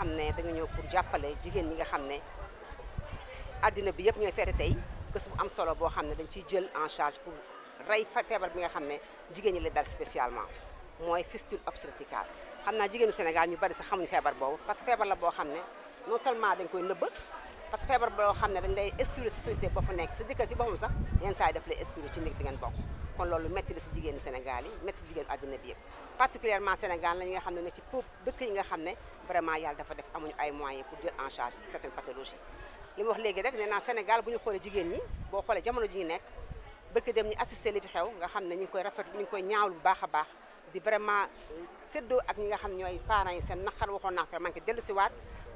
xam ne dañu ñëw pour jàppale jigéen ñi nga xam ne addina bi yëpp ñooy feete tey bés bu am solo boo xam ne dañ ciy jël en charge pour rey feebar bi nga xam ne jigéen ñi la dal spécialement mooy fistule obstétricale xam naa jigéenu Sénégal ñu bari xam ñu feebar boobu parce que feebar la boo xam ne non seulement dañ koy nëbb parce que feebar boo xam ne dañ lay exclure si société ba fa nekk sa jëkkër si boppam sax yenn saa yi daf lay exclure ci néeg bi ngeen bokk kon loolu métti la si jigéenu Sénégal yi métti jigéenu àdduna bi yëpp particulièrement Sénégal la ñi nga xam ne ne ci pour dëkk yi nga xam ne vraiment yàlla dafa def amuñu ay moyens pour jël en charge certaines pathologies li ma wax léegi rek nee naa Sénégal bu ñu xoolee jigéen ñi boo xoolee jamono ji ñu nekk bëkk dem ñu assisté li fi xew nga xam ne ñu ngi koy rafet ñu ngi koy ñaawlu bu baax a baax di vraiment euh, séddoo ak ñi nga xam ñooy parents yi seen naqar waxoon naa ko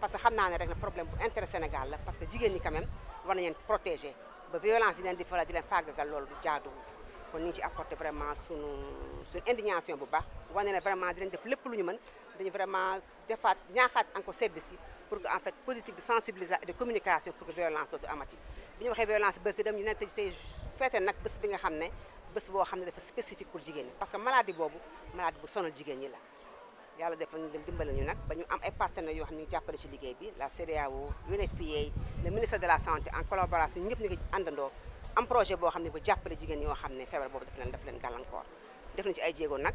parce que xamna naa rek na problème bu intérêt Sénégal parce que jigen ni quand même war nañu protéger ba violence di len di faral di len fàggagal loolu du jaaduwul kon ni ci apporter vraiment sunu sun indignation bu baax wane ne vraiment di len def lepp lu ñu mën dañu vraiment defaat ñaaxat encore service yi pour que en fait politique de sensibilisation et de communication pour que violence dootu amati bi ñu waxee violence bëgg dem ñu nekk tey fété nak bëss bi nga xamné bés boo xam ne dafa spécifique pour jigéen ñi parce que maladie boobu maladie bu sonal jigéen ñi la yàlla def nañu dem dimbale ñu nag ba ñu am ay partenaires yoo xam ne ñu jàppale ci liggéey bi la CEDEAO UNFPA le ministère de la santé en collaboration ñëpp ñu ngi àndandoo am projet boo xam ne bu jàppale jigéen yoo xam ne feebar boobu daf leen daf leen gàllankoor def nañ ci ay jéego nag